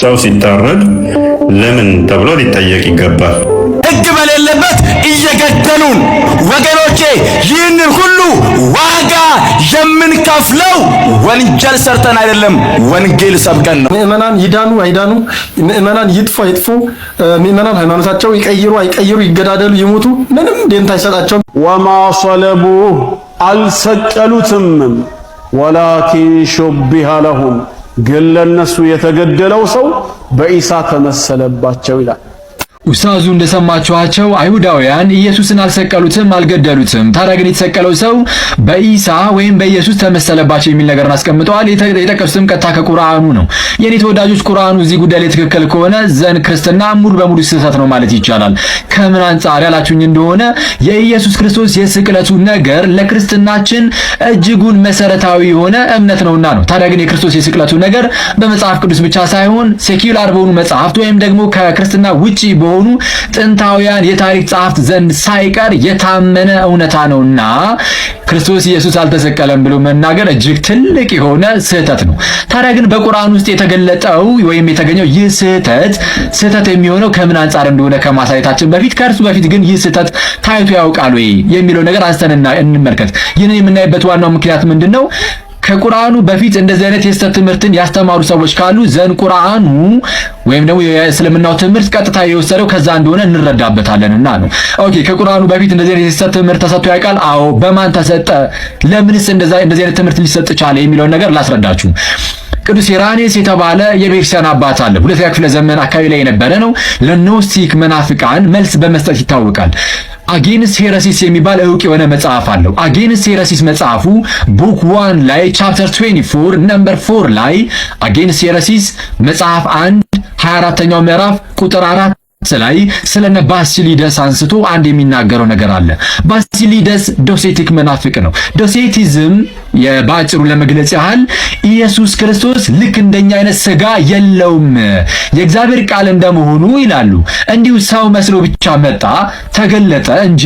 ሰው ሲታረድ ለምን ተብሎ ሊጠየቅ ይገባል። ህግ በሌለበት እየገደሉን ወገኖቼ፣ ይህንን ሁሉ ዋጋ የምንከፍለው ወንጀል ሰርተን አይደለም፣ ወንጌል ሰብቀን ነው። ምእመናን ይዳኑ አይዳኑ፣ ምእመናን ይጥፉ አይጥፉ፣ ምእመናን ሃይማኖታቸው ይቀይሩ አይቀይሩ፣ ይገዳደሉ ይሞቱ፣ ምንም ደንታ አይሰጣቸውም። ወማ ሰለቡ አልሰቀሉትም፣ ወላኪን ሹቢሃ ለሁም ግን ለነሱ የተገደለው ሰው በኢሳ ተመሰለባቸው ይላል። ኡስታዙ እንደሰማችኋቸው አይሁዳውያን ኢየሱስን አልሰቀሉትም፣ አልገደሉትም። ታዲያ ግን የተሰቀለው ሰው በኢሳ ወይም በኢየሱስ ተመሰለባቸው የሚል ነገርን አስቀምጠዋል። የጠቀሱትም ቀጥታ ከቁርአኑ ነው። የኔ ተወዳጆች፣ ቁርአኑ እዚህ ጉዳይ ላይ ትክክል ከሆነ ዘን ክርስትና ሙሉ በሙሉ ስህተት ነው ማለት ይቻላል። ከምን አንጻር ያላችሁኝ እንደሆነ የኢየሱስ ክርስቶስ የስቅለቱ ነገር ለክርስትናችን እጅጉን መሰረታዊ የሆነ እምነት ነውና ነው። ታዲያ ግን የክርስቶስ የስቅለቱ ነገር በመጽሐፍ ቅዱስ ብቻ ሳይሆን ሴኪላር በሆኑ መጽሐፍት ወይም ደግሞ ከክርስትና ውጪ በመሆኑ ጥንታውያን የታሪክ ጸሐፍት ዘንድ ሳይቀር የታመነ እውነታ ነውና ክርስቶስ ኢየሱስ አልተሰቀለም ብሎ መናገር እጅግ ትልቅ የሆነ ስህተት ነው። ታዲያ ግን በቁርአን ውስጥ የተገለጠው ወይም የተገኘው ይህ ስህተት ስህተት የሚሆነው ከምን አንጻር እንደሆነ ከማሳየታችን በፊት ከእርሱ በፊት ግን ይህ ስህተት ታይቶ ያውቃል ወይ የሚለው ነገር አንስተን እንመልከት። ይህንን የምናይበት ዋናው ምክንያት ምንድን ነው? ከቁርአኑ በፊት እንደዚህ አይነት የስተት ትምህርትን ያስተማሩ ሰዎች ካሉ ዘን ቁርአኑ ወይም ደግሞ የእስልምናው ትምህርት ቀጥታ የወሰደው ከዛ እንደሆነ እንረዳበታለንና ነው። ኦኬ ከቁርአኑ በፊት እንደዚህ አይነት የስተት ትምህርት ተሰጥቶ ያውቃል? አዎ። በማን ተሰጠ? ለምንስ እንደዚህ አይነት ትምህርት ሊሰጥ ቻለ? የሚለውን ነገር ላስረዳችሁ። ቅዱስ ኢራኔስ የተባለ የቤተክርስቲያን አባት አለ። ሁለተኛ ክፍለ ዘመን አካባቢ ላይ የነበረ ነው። ለኖስቲክ መናፍቃን መልስ በመስጠት ይታወቃል። አጌንስ ሄረሲስ የሚባል እውቅ የሆነ መጽሐፍ አለው። አጌንስ ሄረሲስ መጽሐፉ ቡክ ዋን ላይ ቻፕተር 24 ነምበር 4 ላይ አጌንስ ሄረሲስ መጽሐፍ 1 24ኛው ምዕራፍ ቁጥር 4 ላይ ስለነ ባሲሊደስ አንስቶ አንድ የሚናገረው ነገር አለ። ባሲሊደስ ዶሴቲክ መናፍቅ ነው። ዶሴቲዝም የባጭሩ ለመግለጽ ያህል ኢየሱስ ክርስቶስ ልክ እንደኛ አይነት ስጋ የለውም የእግዚአብሔር ቃል እንደመሆኑ ይላሉ። እንዲሁ ሰው መስሎ ብቻ መጣ ተገለጠ እንጂ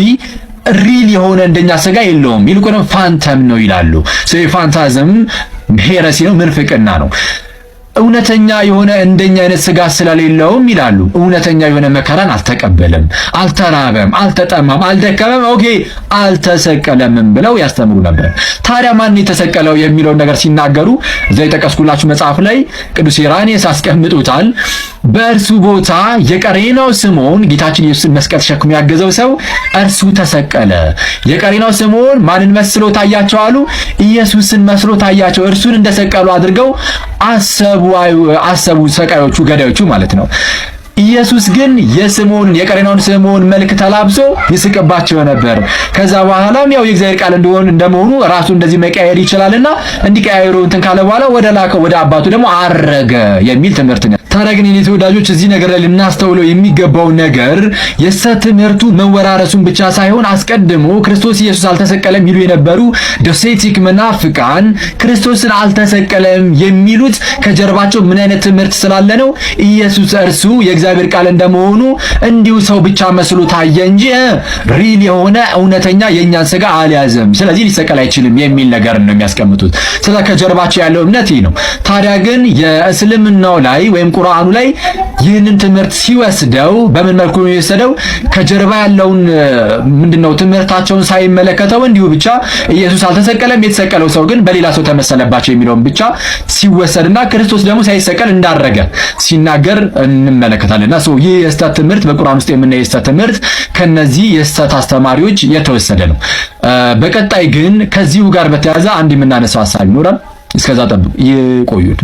ሪል የሆነ እንደኛ ስጋ የለውም፣ ይልቁንም ፋንተም ነው ይላሉ። ሰው ፋንታዝም ሄረሲ ነው፣ ምንፍቅና ነው። እውነተኛ የሆነ እንደኛ አይነት ስጋት ስለሌለውም ይላሉ። እውነተኛ የሆነ መከራን አልተቀበለም፣ አልተራበም፣ አልተጠማም፣ አልደከመም፣ ኦኬ አልተሰቀለምም ብለው ያስተምሩ ነበር። ታዲያ ማን የተሰቀለው የሚለውን ነገር ሲናገሩ እዛ የጠቀስኩላችሁ መጽሐፍ ላይ ቅዱስ ኢራኔስ አስቀምጡታል። በእርሱ ቦታ የቀሬናው ስምዖን ጌታችን ኢየሱስን መስቀል ተሸክሞ ያገዘው ሰው እርሱ ተሰቀለ። የቀሬናው ስምዖን ማንን መስሎ ታያቸው አሉ? ኢየሱስን መስሎ ታያቸው። እርሱን እንደሰቀሉ አድርገው አሰቡ አሰቡ ሰቃዮቹ ገዳዮቹ ማለት ነው። ኢየሱስ ግን የስምዖንን የቀሬናውን ስምዖን መልክ ተላብሶ ይስቅባቸው ነበር። ከዛ በኋላም ያው የእግዚአብሔር ቃል እንደሆነ እንደመሆኑ ራሱ እንደዚህ መቀያየር ይችላልና እንዲቀያየሩ እንትን ካለ በኋላ ወደ ላከው ወደ አባቱ ደግሞ አረገ የሚል ትምህርት ነው። ታዲያ ግን የኔ ተወዳጆች እዚህ ነገር ላይ ልናስተውለው የሚገባው ነገር የሰ ትምህርቱ መወራረሱን ብቻ ሳይሆን አስቀድሞ ክርስቶስ ኢየሱስ አልተሰቀለም ይሉ የነበሩ ደሴቲክ መናፍቃን ክርስቶስን አልተሰቀለም የሚሉት ከጀርባቸው ምን አይነት ትምህርት ስላለ ነው? ኢየሱስ እርሱ የእግዚአብሔር ቃል እንደመሆኑ እንዲሁ ሰው ብቻ መስሎ ታየ እንጂ ሪል የሆነ እውነተኛ የእኛን ስጋ አልያዘም፣ ስለዚህ ሊሰቀል አይችልም የሚል ነገር ነው የሚያስቀምጡት። ስለ ከጀርባቸው ያለው እምነት ነው። ታዲያ ግን የእስልምናው ላይ ወይም ቁርአኑ ላይ ይህንን ትምህርት ሲወስደው በምን መልኩ ነው የወሰደው? ከጀርባ ያለውን ምንድነው ትምህርታቸውን ሳይመለከተው እንዲሁ ብቻ ኢየሱስ አልተሰቀለም፣ የተሰቀለው ሰው ግን በሌላ ሰው ተመሰለባቸው የሚለውን ብቻ ሲወሰድና ክርስቶስ ደግሞ ሳይሰቀል እንዳረገ ሲናገር እንመለከታለንና ሶ ይህ የስተት ትምህርት በቁርአን ውስጥ የምናየው የስተት ትምህርት ከነዚህ የስተት አስተማሪዎች የተወሰደ ነው። በቀጣይ ግን ከዚሁ ጋር በተያያዘ አንድ የምናነሳው ሀሳብ ይኖራል። እስከዛ ጠብቁ፣ ይቆዩን።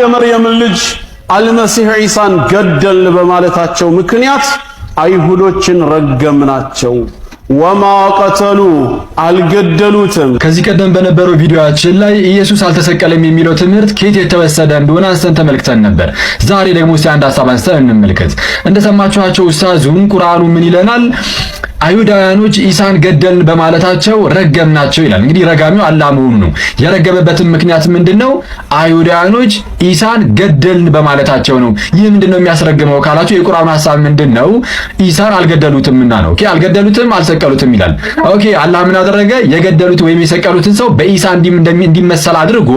የመርየምን ልጅ አልመሲህ ዒሳን ገደልን በማለታቸው ምክንያት አይሁዶችን ረገምናቸው። ወማ ቀተሉ አልገደሉትም። ከዚህ ቀደም በነበረው ቪዲዮአችን ላይ ኢየሱስ አልተሰቀለም የሚለው ትምህርት ከየት የተወሰደ እንደሆነ አንስተን ተመልክተን ነበር። ዛሬ ደግሞ እስቲ አንድ ሀሳብ አንስተን እንመልከት። እንደሰማችኋቸው ኡስታዙን ቁርአኑ ምን ይለናል? አይሁዳውያኖች ኢሳን ገደልን በማለታቸው ረገምናቸው ይላል። እንግዲህ ረጋሚው አላህ መሆኑ ነው። የረገመበትን ምክንያት ምንድነው? ነው? አይሁዳውያኖች ኢሳን ገደልን በማለታቸው ነው። ይህ ምንድነው የሚያስረግመው ካላችሁ የቁርአኑ ሐሳብ ምንድነው ኢሳን አልገደሉትምና ነው። ኦኬ፣ አልገደሉትም፣ አልሰቀሉትም ይላል። ኦኬ፣ አላህ ምን አደረገ? የገደሉት ወይም የሰቀሉትን ሰው በኢሳ እንዲመሰል አድርጎ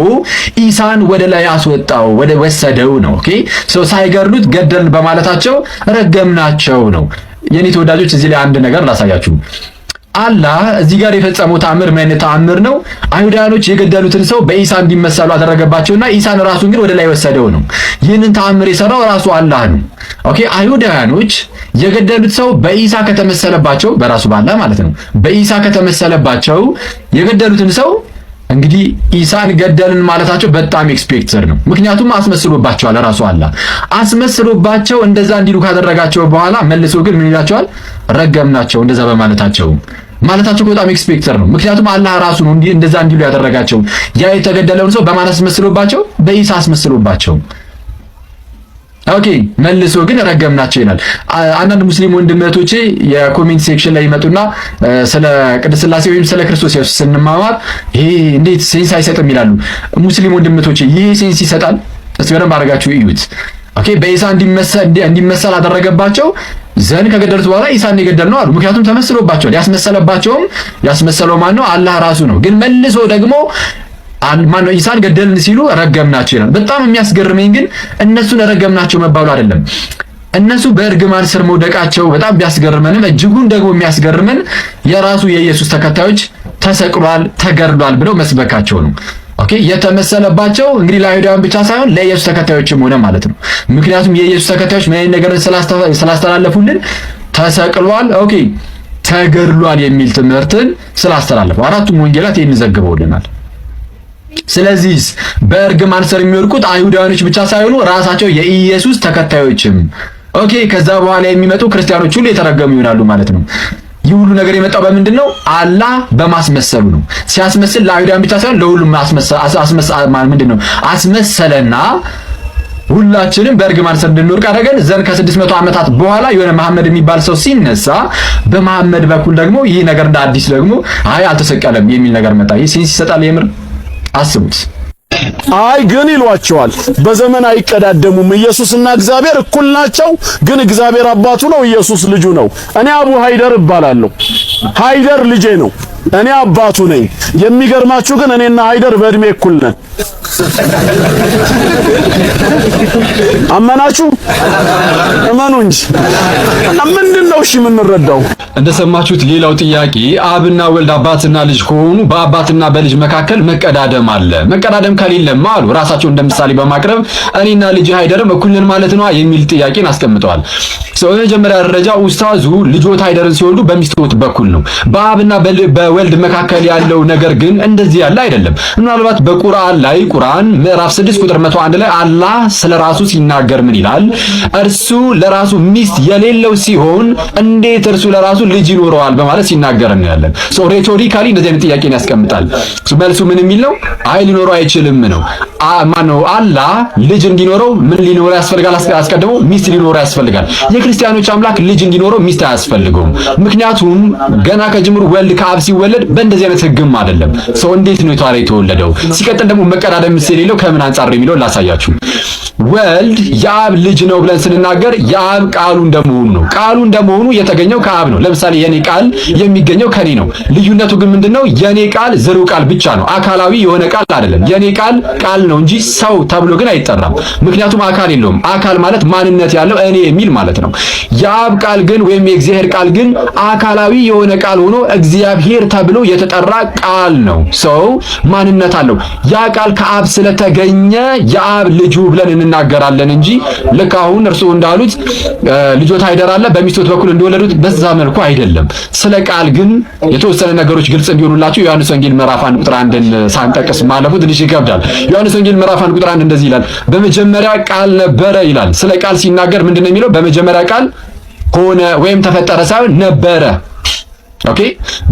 ኢሳን ወደ ላይ አስወጣው፣ ወደ ወሰደው ነው። ኦኬ፣ ሰው ሳይገድሉት ገደልን በማለታቸው ረገምናቸው ነው። የኔ ተወዳጆች እዚህ ላይ አንድ ነገር ላሳያችሁ። አላህ እዚህ ጋር የፈጸመው ተአምር ምን ተአምር ነው? አይሁዳኖች የገደሉትን ሰው በኢሳ እንዲመሰሉ አደረገባቸውና ኢሳን ራሱን ግን ወደ ላይ ወሰደው ነው። ይህንን ተአምር የሰራው ራሱ አላህ ነው። ኦኬ አይሁዳኖች የገደሉት ሰው በኢሳ ከተመሰለባቸው፣ በራሱ ባላ ማለት ነው። በኢሳ ከተመሰለባቸው የገደሉትን ሰው እንግዲህ ኢሳን ገደልን ማለታቸው በጣም ኤክስፔክተር ነው። ምክንያቱም አስመስሎባቸዋል። ራሱ አላ አስመስሎባቸው እንደዛ እንዲሉ ካደረጋቸው በኋላ መልሶ ግን ምን ይላቸዋል? ረገምናቸው እንደዛ በማለታቸው ማለታቸው በጣም ኤክስፔክተር ነው። ምክንያቱም አላህ ራሱ ነው እንደዛ እንዲሉ ያደረጋቸው። ያ የተገደለውን ሰው በማን አስመስሎባቸው? በኢሳ አስመስሎባቸው። ኦኬ መልሶ ግን ረገምናቸው ይላል። አንዳንድ ሙስሊም ወንድመቶቼ የኮሜንት ሴክሽን ላይ ይመጡና ስለ ቅድስት ወይም ስለ ክርስቶስ ኢየሱስ ስንማማር ይሄ እንዴት ሴንስ አይሰጥም ይላሉ። ሙስሊም ወንድመቶቼ ይሄ ሴንስ ይሰጣል። እስቲ በደንብ አድርጋችሁ እዩት። ኦኬ በኢሳ እንዲመሰል አደረገባቸው። ዘን ከገደሉት በኋላ ኢሳን የገደል ነው አሉ። ምክንያቱም ተመስሎባቸዋል። ያስመሰለባቸውም ያስመሰለው ማን ነው? አላህ ራሱ ነው። ግን መልሶ ደግሞ ማነው ኢሳን ገደልን ሲሉ ረገምናቸው ይላል። በጣም የሚያስገርመኝ ግን እነሱን ረገምናቸው መባሉ አይደለም። እነሱ በእርግማን ስር መውደቃቸው በጣም ቢያስገርመንም እጅጉን ደግሞ የሚያስገርመን የራሱ የኢየሱስ ተከታዮች ተሰቅሏል፣ ተገድሏል ብለው መስበካቸው ነው። ኦኬ የተመሰለባቸው እንግዲህ ለአይሁዳውያን ብቻ ሳይሆን ለኢየሱስ ተከታዮችም ሆነ ማለት ነው። ምክንያቱም የኢየሱስ ተከታዮች ምን አይነት ነገር ስላስተላለፉልን ተሰቅሏል፣ ኦኬ ተገርሏል የሚል ትምህርትን ስላስተላለፉ አራቱም ወንጌላት ይህን ዘግበውልናል። ስለዚህ በእርግማን ስር የሚወድቁት አይሁዳውያኖች ብቻ ሳይሆኑ ራሳቸው የኢየሱስ ተከታዮችም ኦኬ፣ ከዛ በኋላ የሚመጡ ክርስቲያኖች ሁሉ የተረገሙ ይሆናሉ ማለት ነው። ይህ ሁሉ ነገር የመጣው በምንድን ነው? አላህ በማስመሰሉ ነው። ሲያስመስል ለአይሁዳን ብቻ ሳይሆን ለሁሉም ምንድን ነው አስመሰለና ሁላችንም በእርግማን ስር እንድንወድቅ አደረገን። ዘን ከስድስት መቶ ዓመታት በኋላ የሆነ መሐመድ የሚባል ሰው ሲነሳ በመሐመድ በኩል ደግሞ ይህ ነገር እንደ አዲስ ደግሞ አይ አልተሰቀለም የሚል ነገር መጣ። ይህ ሲንስ ይሰጣል የምር አስቡት። አይ ግን ይሏቸዋል፣ በዘመን አይቀዳደሙም። ኢየሱስና እግዚአብሔር እኩል ናቸው፣ ግን እግዚአብሔር አባቱ ነው፣ ኢየሱስ ልጁ ነው። እኔ አቡ ሀይደር እባላለሁ። ሀይደር ልጄ ነው፣ እኔ አባቱ ነኝ። የሚገርማችሁ ግን እኔና ሀይደር በእድሜ እኩል ነን። አመናችሁ እመኑ እንጂ እና ምንድን ነው እሺ የምንረዳው? እንደሰማችሁት ሌላው ጥያቄ አብና ወልድ አባትና ልጅ ከሆኑ በአባትና በልጅ መካከል መቀዳደም አለ። መቀዳደም ከሌለም አሉ ራሳቸው እንደምሳሌ በማቅረብ እኔና ልጅ ሃይደርም እኩልን ማለት ነው የሚል ጥያቄን አስቀምጠዋል። ሰው የመጀመሪያ ደረጃ ኡስታዙ ልጆት ሃይደርን ሲወልዱ በሚስቶት በኩል ነው። በአብና በወልድ መካከል ያለው ነገር ግን እንደዚህ ያለ አይደለም። ምናልባት በቁርአን ላይ ቁርአን ምዕራፍ 6 ቁጥር 101 ላይ አላህ ስለራሱ ሲና ሲናገር ምን ይላል? እርሱ ለራሱ ሚስት የሌለው ሲሆን እንዴት እርሱ ለራሱ ልጅ ይኖረዋል በማለት ሲናገር እናያለን። ሶ ሬቶሪካሊ እንደዚህ አይነት ጥያቄን ያስቀምጣል። መልሱ ምን የሚል ነው? አይ ሊኖረው አይችልም ነው። ማነው አላ ልጅ እንዲኖረው ምን ሊኖረው ያስፈልጋል? አስቀድሞ ሚስት ሊኖረው ያስፈልጋል። የክርስቲያኖች አምላክ ልጅ እንዲኖረው ሚስት አያስፈልገውም። ምክንያቱም ገና ከጅምሩ ወልድ ከአብ ሲወለድ በእንደዚህ አይነት ህግም አይደለም። ሰው እንዴት ነው የተዋለ የተወለደው? ሲቀጥል ደግሞ መቀዳደም ስለሌለው ከምን አንጻር የሚለው ላሳያችሁ። ወልድ የአብ ልጅ ነው ብለን ስንናገር የአብ ቃሉ እንደመሆኑ ነው። ቃሉ እንደመሆኑ የተገኘው ከአብ ነው። ለምሳሌ የኔ ቃል የሚገኘው ከኔ ነው። ልዩነቱ ግን ምንድነው? የኔ ቃል ዘሪው ቃል ብቻ ነው። አካላዊ የሆነ ቃል አይደለም። የኔ ቃል ቃል ነው እንጂ ሰው ተብሎ ግን አይጠራም። ምክንያቱም አካል የለውም። አካል ማለት ማንነት ያለው እኔ የሚል ማለት ነው። የአብ ቃል ግን ወይም የእግዚአብሔር ቃል ግን አካላዊ የሆነ ቃል ሆኖ እግዚአብሔር ተብሎ የተጠራ ቃል ነው። ሰው ማንነት አለው። ያ ቃል ከአብ ስለተገኘ የአብ ልጁ ብለን እንናገራለን እንጂ ልክ አሁን እርሱ እንዳሉት ልጆት አይደር አለ በሚስቶት በኩል እንደወለዱት በዛ መልኩ አይደለም። ስለ ቃል ግን የተወሰነ ነገሮች ግልጽ እንዲሆኑላችሁ ዮሐንስ ወንጌል ምዕራፍ 1 ቁጥር 1ን ሳንጠቅስ ማለፉ ትንሽ ይከብዳል። ዮሐንስ ወንጌል ምዕራፍ 1 ቁጥር 1 እንደዚህ ይላል፣ በመጀመሪያ ቃል ነበረ ይላል። ስለ ቃል ሲናገር ምንድነው የሚለው? በመጀመሪያ ቃል ሆነ ወይም ተፈጠረ ሳይሆን ነበረ ኦኬ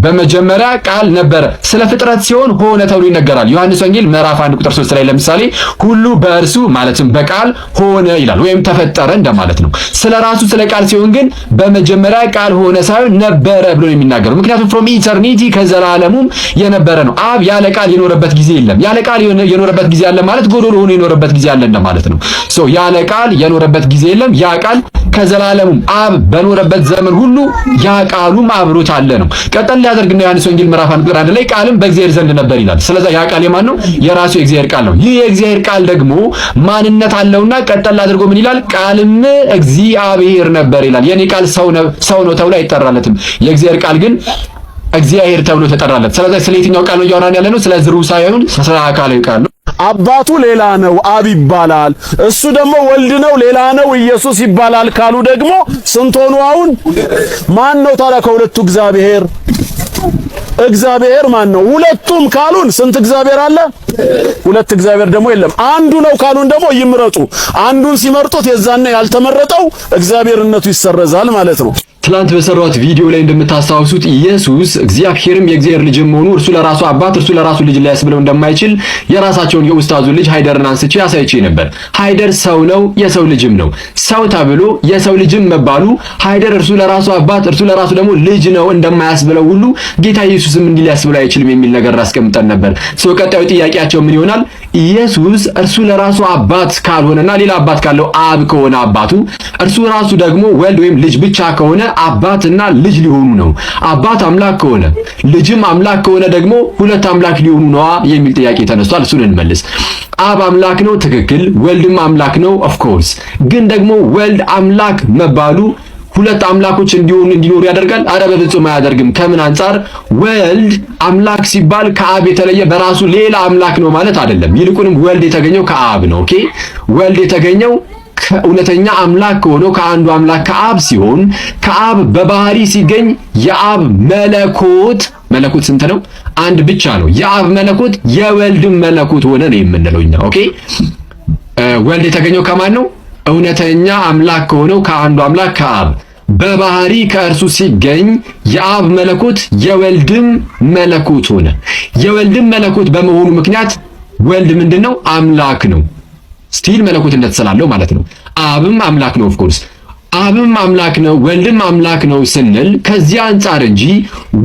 በመጀመሪያ ቃል ነበረ። ስለ ፍጥረት ሲሆን ሆነ ተብሎ ይነገራል። ዮሐንስ ወንጌል ምዕራፍ 1 ቁጥር 3 ላይ ለምሳሌ ሁሉ በእርሱ ማለትም በቃል ሆነ ይላል፣ ወይም ተፈጠረ እንደማለት ነው። ስለ ራሱ ስለ ቃል ሲሆን ግን በመጀመሪያ ቃል ሆነ ሳይሆን ነበረ ብሎ ነው የሚናገረው። ምክንያቱም ፍሮም ኢተርኒቲ ከዘላለሙም የነበረ ነው። አብ ያለ ቃል የኖረበት ጊዜ የለም። ያለ ቃል የኖረበት ጊዜ አለ ማለት ጎዶሎ ሆኖ የኖረበት ጊዜ አለ እንደማለት ነው። ሶ ያለ ቃል የኖረበት ጊዜ የለም። ያ ቃል ከዘላለሙም አብ በኖረበት ዘመን ሁሉ ያ ቃሉም አብሮት አለ ነው። ቀጠል ሊያደርግ ነው ዮሐንስ ወንጌል ምዕራፍ አንድ ቁጥር አንድ ላይ ቃልም በእግዚአብሔር ዘንድ ነበር ይላል። ስለዚህ ያ ቃል የማን ነው? የራሱ የእግዚአብሔር ቃል ነው። ይህ የእግዚአብሔር ቃል ደግሞ ማንነት አለውና ቀጠል አድርጎ ምን ይላል? ቃልም እግዚአብሔር ነበር ይላል። የኔ ቃል ሰው ነው ሰው ነው ተብሎ አይጠራለትም። የእግዚአብሔር ቃል ግን እግዚአብሔር ተብሎ ተጠራለት። ስለዚህ ስለ የትኛው ቃል ነው እያወራን ያለ ነው? ስለ ዝሩ ሳይሆን ስለ አካላዊ ቃል ነው። አባቱ ሌላ ነው አብ ይባላል። እሱ ደግሞ ወልድ ነው ሌላ ነው ኢየሱስ ይባላል ካሉ ደግሞ ስንት ሆኑ? አሁን ማን ነው ታዲያ ከሁለቱ እግዚአብሔር እግዚአብሔር ማን ነው? ሁለቱም ካሉን ስንት እግዚአብሔር አለ? ሁለት እግዚአብሔር ደግሞ የለም። አንዱ ነው ካሉን ደግሞ ይምረጡ። አንዱን ሲመርጡት የዛነ ያልተመረጠው እግዚአብሔርነቱ ይሰረዛል ማለት ነው። ትላንት በሰራሁት ቪዲዮ ላይ እንደምታስታውሱት ኢየሱስ እግዚአብሔርም የእግዚአብሔር ልጅ መሆኑ እርሱ ለራሱ አባት እርሱ ለራሱ ልጅ ሊያስብለው እንደማይችል የራሳቸውን የኡስታዙ ልጅ ሃይደርን አንስቼ አሳይቼ ነበር። ሃይደር ሰው ነው፣ የሰው ልጅም ነው። ሰው ተብሎ የሰው ልጅም መባሉ ሃይደር እርሱ ለራሱ አባት እርሱ ለራሱ ደግሞ ልጅ ነው እንደማያስብለው ሁሉ ጌታ ኢየሱስም እንዲህ ሊያስብለው አይችልም የሚል ነገር አስቀምጠን ነበር። ሰው ቀጣዩ ጥያቄያቸው ምን ይሆናል? ኢየሱስ እርሱ ለራሱ አባት ካልሆነና ሌላ አባት ካለው አብ ከሆነ አባቱ እርሱ ራሱ ደግሞ ወልድ ወይም ልጅ ብቻ ከሆነ አባትና ልጅ ሊሆኑ ነው። አባት አምላክ ከሆነ ልጅም አምላክ ከሆነ ደግሞ ሁለት አምላክ ሊሆኑ ነዋ የሚል ጥያቄ ተነስቷል። እሱን እንመልስ። አብ አምላክ ነው፣ ትክክል። ወልድም አምላክ ነው ኦፍኮርስ። ግን ደግሞ ወልድ አምላክ መባሉ ሁለት አምላኮች እንዲሆኑ እንዲኖሩ ያደርጋል? አረ በፍጹም አያደርግም። ከምን አንጻር? ወልድ አምላክ ሲባል ከአብ የተለየ በራሱ ሌላ አምላክ ነው ማለት አይደለም። ይልቁንም ወልድ የተገኘው ከአብ ነው። ኦኬ ወልድ የተገኘው እውነተኛ አምላክ ከሆነው ከአንዱ አምላክ ከአብ ሲሆን ከአብ በባህሪ ሲገኝ የአብ መለኮት መለኮት ስንት ነው? አንድ ብቻ ነው። የአብ መለኮት የወልድም መለኮት ሆነ ነው የምንለው እኛ። ኦኬ ወልድ የተገኘው ከማን ነው? እውነተኛ አምላክ ከሆነው ከአንዱ አምላክ ከአብ በባህሪ ከእርሱ ሲገኝ የአብ መለኮት የወልድም መለኮት ሆነ። የወልድም መለኮት በመሆኑ ምክንያት ወልድ ምንድነው? አምላክ ነው። ስቲል መለኮትነት ስላለው ማለት ነው። አብም አምላክ ነው ኦፍ ኮርስ አብም አምላክ ነው ወልድም አምላክ ነው ስንል ከዚያ አንጻር እንጂ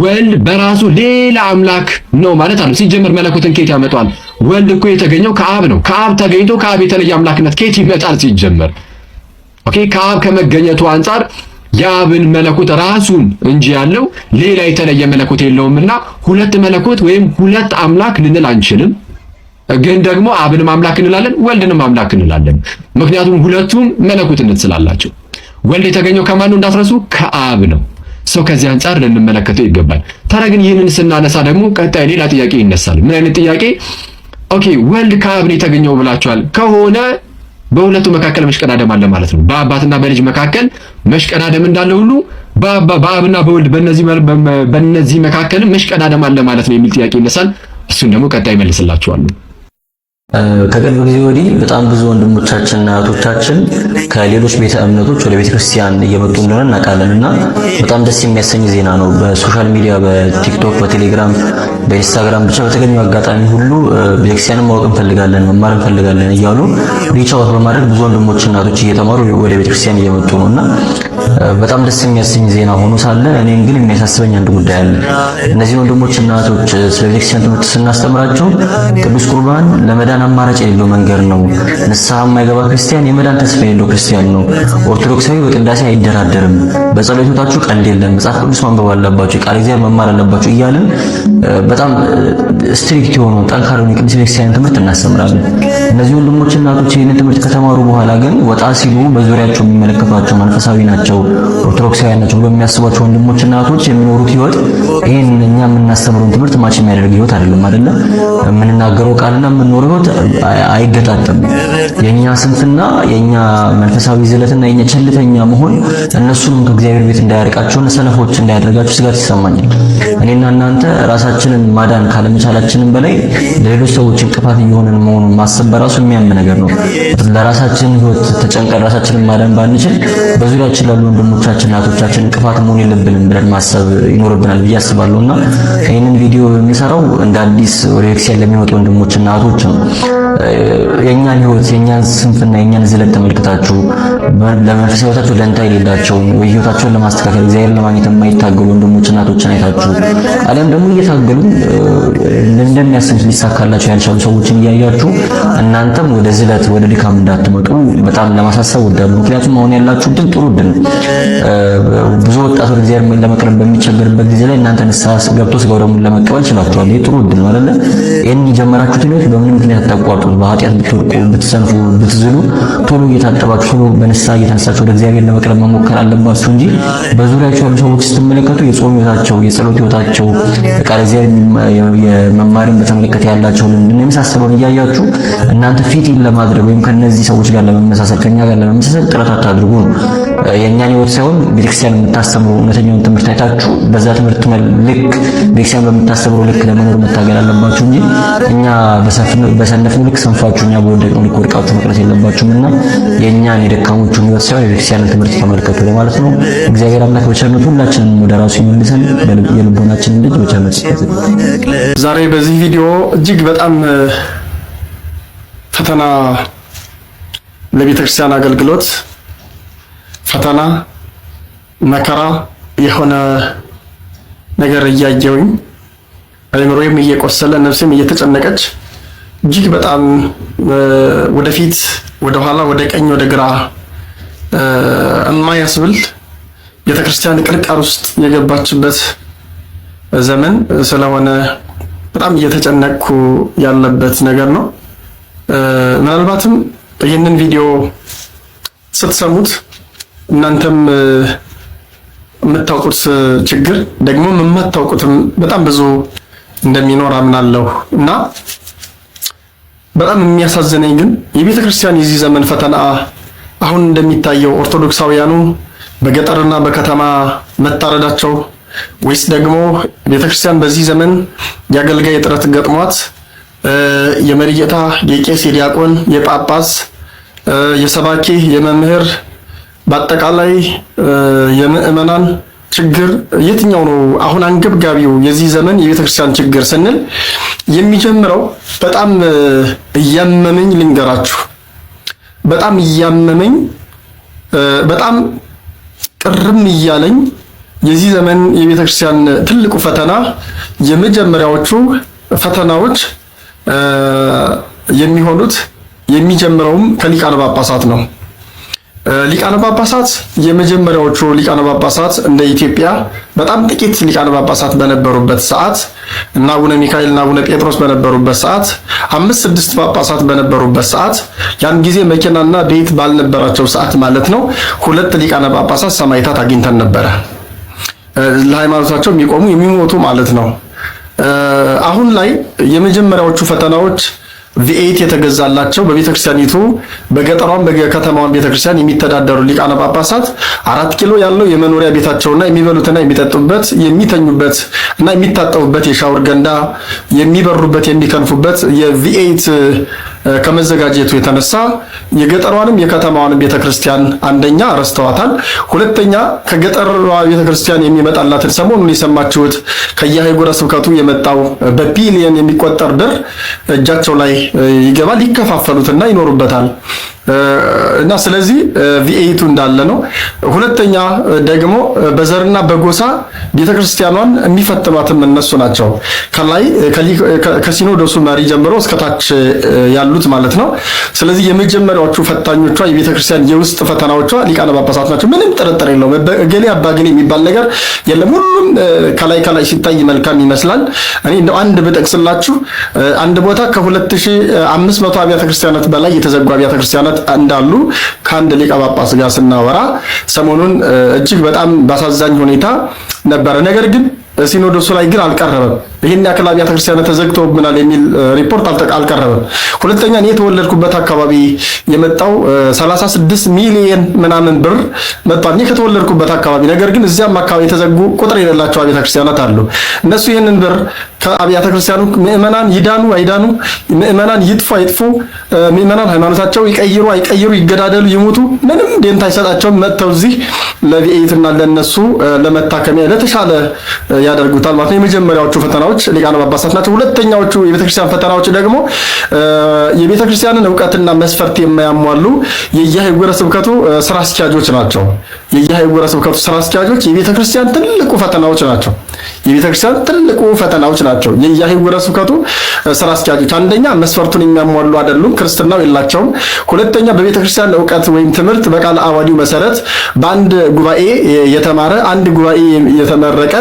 ወልድ በራሱ ሌላ አምላክ ነው ማለት አለ። ሲጀምር መለኮትን ኬት ያመጣል? ወልድ እኮ የተገኘው ከአብ ነው። ከአብ ተገኝቶ ከአብ የተለየ አምላክነት ኬት ይመጣል? ሲጀመር ኦኬ፣ ከአብ ከመገኘቱ አንጻር የአብን መለኮት ራሱን እንጂ ያለው ሌላ የተለየ መለኮት የለውምና ሁለት መለኮት ወይም ሁለት አምላክ ልንል አንችልም። ግን ደግሞ አብንም አምላክ እንላለን፣ ወልድንም አምላክ እንላለን። ምክንያቱም ሁለቱም መለኮትነት ስላላቸው ወልድ የተገኘው ከማን ነው እንዳትረሱ፣ ከአብ ነው። ሰው ከዚህ አንጻር ልንመለከተው ይገባል። ታዲያ ግን ይህንን ስናነሳ ደግሞ ቀጣይ ሌላ ጥያቄ ይነሳል። ምን አይነት ጥያቄ? ኦኬ ወልድ ከአብ ነው የተገኘው ብላችኋል ከሆነ በሁለቱ መካከል መሽቀዳደም አለ ማለት ነው። በአባትና በልጅ መካከል መሽቀዳደም እንዳለ ሁሉ በአብና በወልድ በነዚህ መካከል መሽቀዳደም አለ ማለት ነው የሚል ጥያቄ ይነሳል። እሱን ደግሞ ቀጣይ መልስላችኋለሁ። ከቅርብ ጊዜ ወዲህ በጣም ብዙ ወንድሞቻችንና እህቶቻችን ከሌሎች ቤተ እምነቶች ወደ ቤተ ክርስቲያን እየመጡ እንደሆነ እናውቃለን እና በጣም ደስ የሚያሰኝ ዜና ነው። በሶሻል ሚዲያ፣ በቲክቶክ፣ በቴሌግራም፣ በኢንስታግራም ብቻ በተገኘው አጋጣሚ ሁሉ ቤተክርስቲያንን ማወቅ እንፈልጋለን፣ መማር እንፈልጋለን እያሉ ሪቻውት በማድረግ ብዙ ወንድሞችና እህቶች እየተማሩ ወደ ቤተክርስቲያን እየመጡ ነው እና በጣም ደስ የሚያሰኝ ዜና ሆኖ ሳለ እኔም ግን የሚያሳስበኝ አንድ ጉዳይ አለ። እነዚህ ወንድሞችና እህቶች ስለ ቤተክርስቲያን ትምህርት ስናስተምራቸው ቅዱስ ቁርባን ለመዳን አማራጭ የሌለው መንገድ ነው። ንስሐ የማይገባ ክርስቲያን የመዳን ተስፋ የሌለው ክርስቲያን ነው። ኦርቶዶክሳዊ በቅዳሴ አይደራደርም። በጸሎታችሁ ቀልድ የለም፣ መጽሐፍ ቅዱስ ማንበብ አለባችሁ፣ ቃል እግዚአብሔር መማር አለባችሁ እያልን በጣም ስትሪክት የሆኑ ጠንካራ ነው ቅዱስ ክርስቲያን ትምህርት እናስተምራለን። እነዚህ ወንድሞች እናቶች ይህንን ትምህርት ከተማሩ በኋላ ግን ወጣ ሲሉ በዙሪያቸው የሚመለከቷቸው መንፈሳዊ ናቸው፣ ኦርቶዶክሳዊ ናቸው ብሎ የሚያስቧቸው ወንድሞች እናቶች የሚኖሩት ህይወት ይህን እኛ የምናስተምረውን ትምህርት ማች የሚያደርግ ህይወት አይደለም። አይደለም የምንናገረው ቃልና የምንኖረው ህይወት አይገጣጠም። የኛ ስንፍና፣ የኛ መንፈሳዊ ዝለትና የኛ ቸልተኛ መሆን እነሱንም ከእግዚአብሔር ቤት እንዳያርቃቸውና ሰነፎች እንዳያደርጋቸው ስጋት ይሰማኛል። እኔና እናንተ ራሳችንን ማዳን ካለመቻላችንም በላይ ለሌሎች ሰዎች እንቅፋት እየሆነን መሆኑን ማሰብ በራሱ የሚያም ነገር ነው። ለራሳችን ህይወት ተጨንቀን ራሳችንን ማዳን ባንችል በዙሪያችን ላሉ ወንድሞቻችን፣ እናቶቻችን እንቅፋት መሆን የለብንም ብለን ማሰብ ይኖርብናል ብዬ አስባለሁና ይህንን ቪዲዮ የሚሰራው እንደ አዲስ ወደ ቤተክርስቲያን ለሚመጡ ወንድሞችና እናቶች ነው። የእኛን ህይወት የእኛን ስንፍና የእኛን ዝለት ተመልክታችሁ ለመንፈሳዊ ህይወታችሁ ለእንታ የሌላቸው ወይ ህይወታቸውን ለማስተካከል እግዚአብሔር ለማግኘት የማይታገሉ ወንድሞች እናቶችን አይታችሁ አሊያም ደግሞ እየታገሉ እንደሚያስቡት ሊሳካላቸው ያልቻሉ ሰዎችን እያያችሁ እናንተም ወደ ዝለት ወደ ድካም እንዳትመጡ በጣም ለማሳሰብ ወዳሉ። ምክንያቱም አሁን ያላችሁ ያላችሁትን ጥሩ ድል ብዙ ወጣት ወደ እግዚአብሔር ለመቅረብ በሚቸገርበት ጊዜ ላይ እናንተ ንስሐ ገብቶ ስጋው ደግሞ ለመቀበል ችላችኋል። ይህ ጥሩ ድል ነው አይደለ? ይህን የጀመራችሁ ህይወት በምንም ምክንያት አታቋርጡ። ብትወድቁ በኃጢአት ብትወድቁ ብትሰንፉ ብትዝሉ ቶሎ እየታጠባችሁ ቶሎ በንስሐ እየተነሳችሁ ወደ እግዚአብሔር ለመቅረብ መሞከር አለባችሁ እንጂ በዙሪያቸው ያሉ ሰዎች ስትመለከቱ የጾም ህይወታቸው፣ የጸሎት ህይወታቸው ቃል እግዚአብሔር የመማርን በተመለከተ ያላቸው ልምድና የመሳሰለውን እያያችሁ እናንተ ፊት ለማድረግ ወይም ከነዚህ ሰዎች ጋር ለመመሳሰል ከኛ ጋር ለመመሳሰል ጥረት አታድርጉ ነው። የእኛን ህይወት ሳይሆን ቤተክርስቲያን የምታስተምሩ እውነተኛውን ትምህርት አይታችሁ በዛ ትምህርት ልክ ቤተክርስቲያን በምታስተምሩ ልክ ለመኖር መታገል አለባችሁ እንጂ እኛ በሰነፍነው ልክ ሰንፋችሁ እኛ በወደቅን ልክ ወድቃችሁ መቅረት የለባችሁም እና የእኛን የደካሞቹ ሕይወት ሳይሆን የቤተክርስቲያንን ትምህርት ተመልከቱ ለማለት ነው። እግዚአብሔር አምላክ በቸርነቱ ሁላችንም ወደ ራሱ ይመልሰን፣ የልቦናችንን ልጅ በቸርነት ዛሬ በዚህ ቪዲዮ እጅግ በጣም ፈተና ለቤተክርስቲያን አገልግሎት ፈተና መከራ የሆነ ነገር እያየውኝ አይምሮዬም እየቆሰለ ነፍሴም እየተጨነቀች እጅግ በጣም ወደፊት ወደኋላ ወደ ቀኝ ወደ ግራ የማያስብል ቤተክርስቲያን ቅርቃር ውስጥ የገባችበት ዘመን ስለሆነ በጣም እየተጨነቅኩ ያለበት ነገር ነው። ምናልባትም ይህንን ቪዲዮ ስትሰሙት እናንተም የምታውቁት ችግር ደግሞ የማታውቁትም በጣም ብዙ እንደሚኖር አምናለሁ እና በጣም የሚያሳዝነኝ ግን የቤተ ክርስቲያን የዚህ ዘመን ፈተና አሁን እንደሚታየው ኦርቶዶክሳውያኑ በገጠርና በከተማ መታረዳቸው ወይስ ደግሞ ቤተ ክርስቲያን በዚህ ዘመን የአገልጋይ እጥረት ገጥሟት የመሪጌታ፣ የቄስ፣ የዲያቆን፣ የጳጳስ፣ የሰባኪ፣ የመምህር በአጠቃላይ የምእመናን። ችግር የትኛው ነው? አሁን አንገብጋቢው የዚህ ዘመን የቤተክርስቲያን ችግር ስንል የሚጀምረው በጣም እያመመኝ ልንገራችሁ፣ በጣም እያመመኝ፣ በጣም ቅርም እያለኝ የዚህ ዘመን የቤተክርስቲያን ትልቁ ፈተና የመጀመሪያዎቹ ፈተናዎች የሚሆኑት የሚጀምረውም ከሊቃነ ጳጳሳት ነው። ሊቃነ ጳጳሳት የመጀመሪያዎቹ ሊቃነ ጳጳሳት እንደ ኢትዮጵያ በጣም ጥቂት ሊቃነ ጳጳሳት በነበሩበት ሰዓት እና አቡነ ሚካኤል እና አቡነ ጴጥሮስ በነበሩበት ሰዓት አምስት ስድስት ጳጳሳት በነበሩበት ሰዓት ያን ጊዜ መኪናና ቤት ባልነበራቸው ሰዓት ማለት ነው ሁለት ሊቃነ ጳጳሳት ሰማይታት አግኝተን ነበረ። ለሃይማኖታቸው የሚቆሙ የሚሞቱ ማለት ነው። አሁን ላይ የመጀመሪያዎቹ ፈተናዎች ቪኤት የተገዛላቸው በቤተክርስቲያኒቱ በገጠሯም በከተማዋን ቤተክርስቲያን የሚተዳደሩ ሊቃነ ጳጳሳት አራት ኪሎ ያለው የመኖሪያ ቤታቸውና የሚበሉትና የሚጠጡበት የሚተኙበት እና የሚታጠቡበት የሻወር ገንዳ የሚበሩበት የሚከንፉበት የቪኤት ከመዘጋጀቱ የተነሳ የገጠሯንም የከተማዋንም ቤተክርስቲያን አንደኛ ረስተዋታል፣ ሁለተኛ ከገጠሯ ቤተክርስቲያን የሚመጣላትን ሰሞኑን የሰማችሁት ከየአህጉረ ስብከቱ የመጣው በቢሊየን የሚቆጠር ብር እጃቸው ላይ ይገባል፣ ይከፋፈሉትና ይኖሩበታል። እና ስለዚህ ቪኤቱ እንዳለ ነው። ሁለተኛ ደግሞ በዘርና በጎሳ ቤተክርስቲያኗን የሚፈትኗትም እነሱ ናቸው። ከላይ ከሲኖዶሱ መሪ ጀምሮ እስከታች ያሉት ማለት ነው። ስለዚህ የመጀመሪያዎቹ ፈታኞቿ የቤተክርስቲያን የውስጥ ፈተናዎቿ ሊቃነ ጳጳሳት ናቸው። ምንም ጥርጥር የለውም። እገሌ አባገሌ የሚባል ነገር የለም። ሁሉም ከላይ ከላይ ሲታይ መልካም ይመስላል። እኔ እንደው አንድ ብጠቅስላችሁ አንድ ቦታ ከ2500 አብያተ ክርስቲያናት በላይ የተዘጉ አብያተ ክርስቲያናት እንዳሉ ከአንድ ሊቀ ጳጳስ ጋር ስናወራ ሰሞኑን እጅግ በጣም በአሳዛኝ ሁኔታ ነበረ። ነገር ግን ሲኖዶሱ ላይ ግን አልቀረበም። ይህን ያክል አብያተ ክርስቲያን ተዘግተውብናል የሚል ሪፖርት አልቀረበም። ሁለተኛ እኔ የተወለድኩበት አካባቢ የመጣው 36 ሚሊየን ምናምን ብር መጥቷል። እኔ ከተወለድኩበት አካባቢ ነገር ግን እዚያም አካባቢ የተዘጉ ቁጥር የሌላቸው አብያተ ክርስቲያናት አሉ። እነሱ ይህንን ብር ከአብያተ ክርስቲያኑ ምእመናን ይዳኑ አይዳኑ፣ ምእመናን ይጥፉ አይጥፉ፣ ምእመናን ሃይማኖታቸው ይቀይሩ አይቀይሩ፣ ይገዳደሉ ይሞቱ፣ ምንም ደንታ አይሰጣቸውም። መጥተው እዚህ ለቪኤትና ለነሱ ለመታከሚያ ለተሻለ ያደርጉታል ማለት ነው። የመጀመሪያዎቹ ፈተናዎች ሊቃነ ጳጳሳት ናቸው። ሁለተኛዎቹ የቤተክርስቲያን ፈተናዎች ደግሞ የቤተክርስቲያንን እውቀትና መስፈርት የማያሟሉ የየአህጉረ ስብከቱ ስራ አስኪያጆች ናቸው። የየአህጉረ ስብከቱ ስራ አስኪያጆች የቤተክርስቲያን ትልቁ ፈተናዎች ናቸው። የቤተክርስቲያን ትልቁ ፈተናዎች ናቸው። ናቸው። የያህወረ ስብከቱ ስራ አስኪያጆች አንደኛ መስፈርቱን የሚያሟሉ አይደሉም፣ ክርስትናው የላቸውም። ሁለተኛ በቤተ ክርስቲያን እውቀት ወይም ትምህርት በቃለ አዋዲው መሰረት በአንድ ጉባኤ የተማረ አንድ ጉባኤ የተመረቀ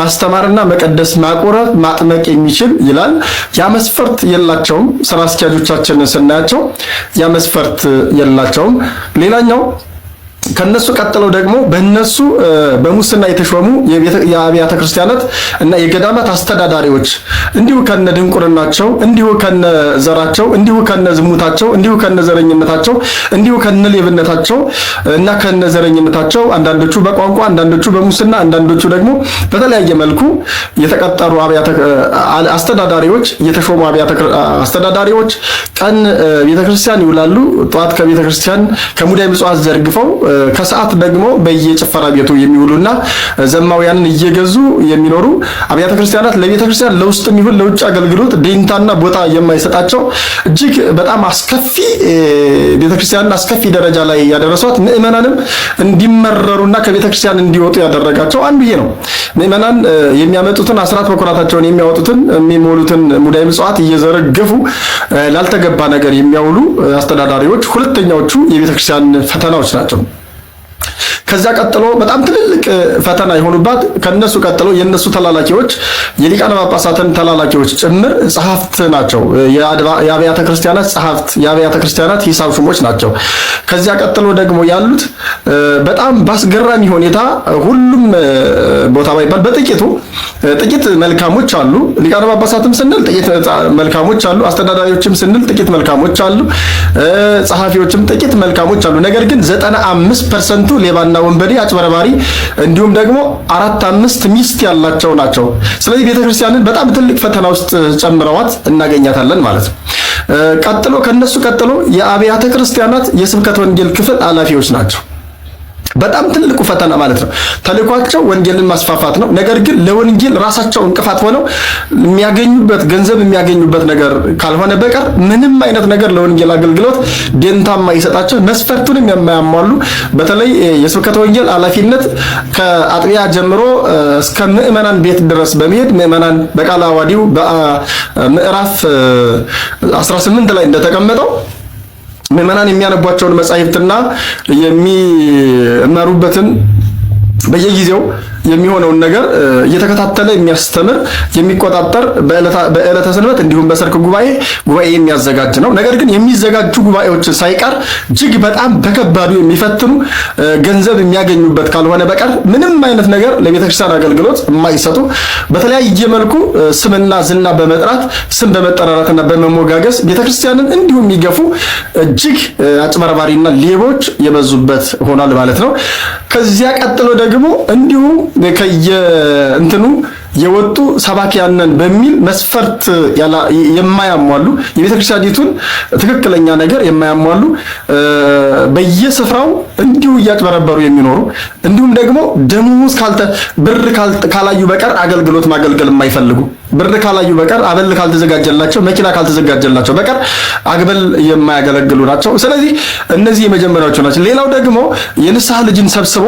ማስተማርና መቀደስ ማቆረብ ማጥመቅ የሚችል ይላል። ያ መስፈርት የላቸውም። ስራ አስኪያጆቻችንን ስናያቸው ያ መስፈርት የላቸውም። ሌላኛው ከነሱ ቀጥለው ደግሞ በነሱ በሙስና የተሾሙ የአብያተ ክርስቲያናት እና የገዳማት አስተዳዳሪዎች እንዲሁ ከነ ድንቁርናቸው እንዲሁ ከነ ዘራቸው እንዲሁ ከነ ዝሙታቸው እንዲሁ ከነ ዘረኝነታቸው እንዲሁ ከነ ሌብነታቸው እና ከነ ዘረኝነታቸው አንዳንዶቹ በቋንቋ አንዳንዶቹ በሙስና አንዳንዶቹ ደግሞ በተለያየ መልኩ የተቀጠሩ አስተዳዳሪዎች የተሾሙ አስተዳዳሪዎች ቀን ቤተክርስቲያን ይውላሉ፣ ጠዋት ከቤተክርስቲያን ከሙዳይ ምጽዋት ዘርግፈው ከሰዓት ደግሞ በየጭፈራ ቤቱ የሚውሉና ዘማውያንን እየገዙ የሚኖሩ አብያተ ክርስቲያናት ለቤተ ክርስቲያን ለውስጥ ይሁን ለውጭ አገልግሎት ደንታና ቦታ የማይሰጣቸው እጅግ በጣም አስከፊ ቤተ ክርስቲያንን አስከፊ ደረጃ ላይ ያደረሷት ምእመናንም እንዲመረሩና ከቤተ ክርስቲያን እንዲወጡ ያደረጋቸው አንዱ ይሄ ነው። ምእመናን የሚያመጡትን አስራት በኩራታቸውን የሚያወጡትን የሚሞሉትን ሙዳይ ምጽዋት እየዘረገፉ ላልተገባ ነገር የሚያውሉ አስተዳዳሪዎች ሁለተኛዎቹ የቤተክርስቲያን ፈተናዎች ናቸው። ከዛ ቀጥሎ በጣም ትልልቅ ፈተና የሆኑባት ከነሱ ቀጥሎ የነሱ ተላላኪዎች የሊቃነ ጳጳሳትን ተላላኪዎች ጭምር ጸሐፍት ናቸው። የአብያተ ክርስቲያናት ጸሐፍት፣ የአብያተ ክርስቲያናት ሂሳብ ሹሞች ናቸው። ከዚያ ቀጥሎ ደግሞ ያሉት በጣም በአስገራሚ ሁኔታ ሁሉም ቦታ ባይባል በጥቂቱ ጥቂት መልካሞች አሉ። ሊቃነ ጳጳሳትም ስንል ጥቂት መልካሞች አሉ። አስተዳዳሪዎችም ስንል ጥቂት መልካሞች አሉ። ጸሐፊዎችም ጥቂት መልካሞች አሉ። ነገር ግን ዘጠና አምስት ፐርሰንቱ አብዛኞቹ ሌባና ወንበዴ አጭበረባሪ፣ እንዲሁም ደግሞ አራት አምስት ሚስት ያላቸው ናቸው። ስለዚህ ቤተክርስቲያንን በጣም ትልቅ ፈተና ውስጥ ጨምረዋት እናገኛታለን ማለት ነው። ቀጥሎ ከነሱ ቀጥሎ የአብያተ ክርስቲያናት የስብከት ወንጌል ክፍል ኃላፊዎች ናቸው። በጣም ትልቁ ፈተና ማለት ነው። ተልኳቸው ወንጌልን ማስፋፋት ነው። ነገር ግን ለወንጌል ራሳቸው እንቅፋት ሆነው የሚያገኙበት ገንዘብ የሚያገኙበት ነገር ካልሆነ በቀር ምንም አይነት ነገር ለወንጌል አገልግሎት ደንታ የማይሰጣቸው መስፈርቱንም የማያሟሉ በተለይ የስብከተ ወንጌል ኃላፊነት ከአጥቢያ ጀምሮ እስከ ምዕመናን ቤት ድረስ በመሄድ ምዕመናን በቃለ ዓዋዲው በምዕራፍ 18 ላይ እንደተቀመጠው ምዕመናን የሚያነቧቸውን መጻሕፍትና የሚመሩበትን በየጊዜው የሚሆነውን ነገር እየተከታተለ የሚያስተምር የሚቆጣጠር በዕለተ ስንበት እንዲሁም በሰርክ ጉባኤ ጉባኤ የሚያዘጋጅ ነው። ነገር ግን የሚዘጋጁ ጉባኤዎችን ሳይቀር እጅግ በጣም በከባዱ የሚፈትኑ ገንዘብ የሚያገኙበት ካልሆነ በቀር ምንም አይነት ነገር ለቤተክርስቲያን አገልግሎት የማይሰጡ በተለያየ መልኩ ስምና ዝና በመጥራት ስም በመጠራራትና በመሞጋገስ ቤተክርስቲያንን እንዲሁ የሚገፉ እጅግ አጭበርባሪና ሌቦች የበዙበት ሆኗል ማለት ነው። ከዚያ ቀጥሎ ደግሞ እንዲሁ እንትኑ የወጡ ሰባኪያነን በሚል መስፈርት የማያሟሉ ክርስቲያኒቱን ትክክለኛ ነገር የማያሟሉ በየስፍራው እንዲሁ እያጭበረበሩ የሚኖሩ እንዲሁም ደግሞ ደሞዝ ብር ካላዩ በቀር አገልግሎት ማገልገል የማይፈልጉ ብር ካላዩ በቀር አበል ካልተዘጋጀላቸው መኪና ካልተዘጋጀላቸው በቀር አግበል የማያገለግሉ ናቸው። ስለዚህ እነዚህ የመጀመሪያዎቹ ናቸው። ሌላው ደግሞ የንስሐ ልጅን ሰብስቦ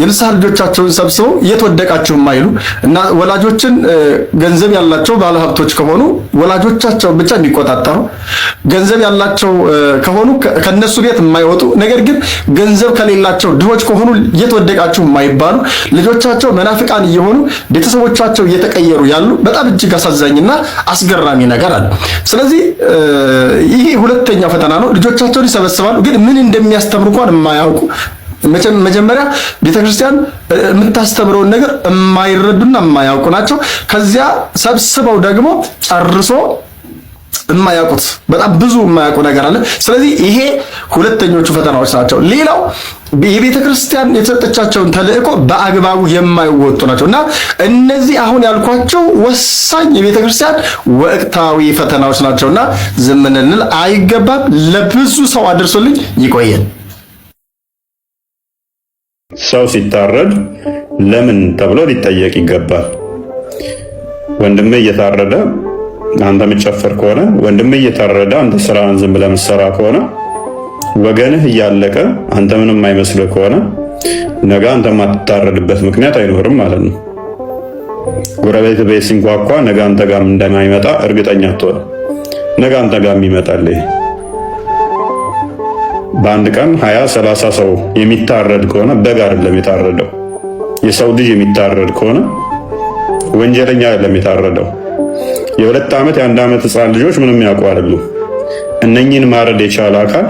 የንስሐ ልጆቻቸውን ሰብስቦ የት ወደቃችሁ የማይሉ እና ወላጆችን ገንዘብ ያላቸው ባለሀብቶች ከሆኑ ወላጆቻቸው ብቻ የሚቆጣጠሩ ገንዘብ ያላቸው ከሆኑ ከነሱ ቤት የማይወጡ ነገር ግን ገንዘብ ከሌላቸው ድሆች ከሆኑ የት ወደቃችሁ የማይባሉ ልጆቻቸው መናፍቃን እየሆኑ ቤተሰቦቻቸው እየተቀየሩ ያሉ በጣም እጅግ እጅግ አሳዛኝና አስገራሚ ነገር አለ። ስለዚህ ይህ ሁለተኛው ፈተና ነው። ልጆቻቸውን ይሰበስባሉ፣ ግን ምን እንደሚያስተምሩ እንኳን የማያውቁ መጀመሪያ ቤተክርስቲያን የምታስተምረውን ነገር የማይረዱና የማያውቁ ናቸው። ከዚያ ሰብስበው ደግሞ ጨርሶ የማያውቁት በጣም ብዙ የማያውቁ ነገር አለ። ስለዚህ ይሄ ሁለተኞቹ ፈተናዎች ናቸው። ሌላው የቤተ ክርስቲያን የተሰጠቻቸውን ተልዕኮ በአግባቡ የማይወጡ ናቸው እና እነዚህ አሁን ያልኳቸው ወሳኝ የቤተ ክርስቲያን ወቅታዊ ፈተናዎች ናቸውና ዝም ልንል አይገባም። ለብዙ ሰው አድርሶልኝ ይቆየን። ሰው ሲታረድ ለምን ተብሎ ሊጠየቅ ይገባል። ወንድም እየታረደ አንተ የምትጨፍር ከሆነ ወንድም እየታረደ አንተ ስራህን ዝም ብለህ የምትሰራ ከሆነ ወገንህ እያለቀ አንተ ምንም አይመስልህ ከሆነ ነገ አንተ የማትታረድበት ምክንያት አይኖርም ማለት ነው። ጎረቤት ቤት ሲንኳኳ ነገ አንተ እንደማይመጣ እርግጠኛ ትሆነ። ነገ አንተ ጋርም ይመጣል። በአንድ ቀን ሀያ ሰላሳ ሰው የሚታረድ ከሆነ በግ አይደለም የታረደው። የሰው ልጅ የሚታረድ ከሆነ ወንጀለኛ አይደለም የታረደው። የሁለት ዓመት የአንድ ዓመት ህፃን ልጆች ምንም ያውቁ አይደሉ። እነኚህን ማረድ የቻለ አካል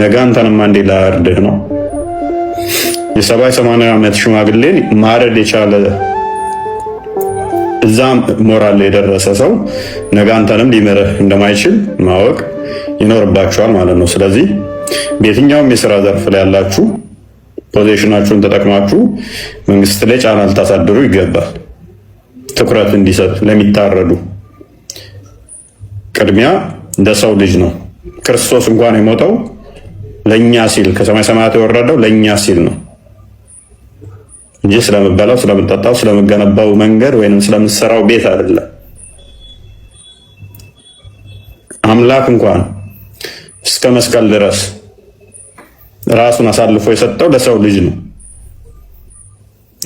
ነገ አንተንማ እንዴ ላያርድህ ነው። የሰባ ሰማንያ ዓመት ሽማግሌን ማረድ የቻለ እዛም ሞራል የደረሰ ሰው ነገ አንተንም ሊምርህ እንደማይችል ማወቅ ይኖርባችኋል ማለት ነው። ስለዚህ በየትኛውም የስራ ዘርፍ ላይ ያላችሁ ፖዚሽናችሁን ተጠቅማችሁ መንግስት ላይ ጫና ልታሳድሩ ይገባል። ትኩረት እንዲሰጥ ለሚታረዱ ቅድሚያ ለሰው ልጅ ነው። ክርስቶስ እንኳን የሞተው ለእኛ ሲል ከሰማይ ሰማያት የወረደው ለእኛ ሲል ነው። እንጂ ስለምበላው፣ ስለምጠጣው፣ ስለምገነባው መንገድ ወይንም ስለምሰራው ቤት አይደለም። አምላክ እንኳን እስከ መስቀል ድረስ ራሱን አሳልፎ የሰጠው ለሰው ልጅ ነው።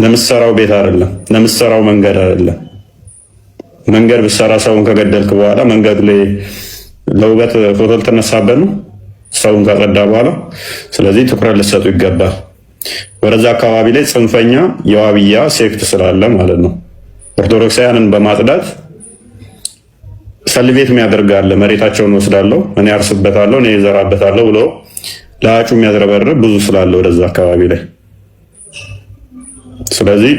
ለምሰራው ቤት አይደለም፣ ለምሰራው መንገድ አይደለም። መንገድ ብሰራ ሰውን ከገደልክ በኋላ መንገድ ላይ ለውበት ፎቶ ልትነሳበት ነው፣ ሰውን ከቀዳ በኋላ። ስለዚህ ትኩረት ልትሰጡ ይገባል። ወደዛ አካባቢ ላይ ጽንፈኛ የዋብያ ሴክት ስላለ ማለት ነው። ኦርቶዶክሳውያንን በማጽዳት ሰልቤት የሚያደርጋለ መሬታቸውን ወስዳለሁ፣ እኔ አርስበታለሁ፣ እኔ ይዘራበታለሁ ብሎ ለአጩ የሚያዝረበርብ ብዙ ስላለ ወደዛ አካባቢ ላይ ስለዚህ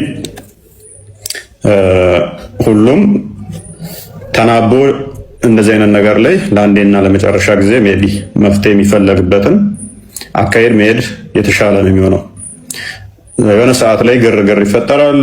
ሁሉም ተናቦ እንደዚህ አይነት ነገር ላይ ለአንዴና ለመጨረሻ ጊዜ ሜቢ መፍትሄ የሚፈለግበትን አካሄድ መሄድ የተሻለ ነው የሚሆነው። የሆነ ሰዓት ላይ ግርግር ይፈጠራል።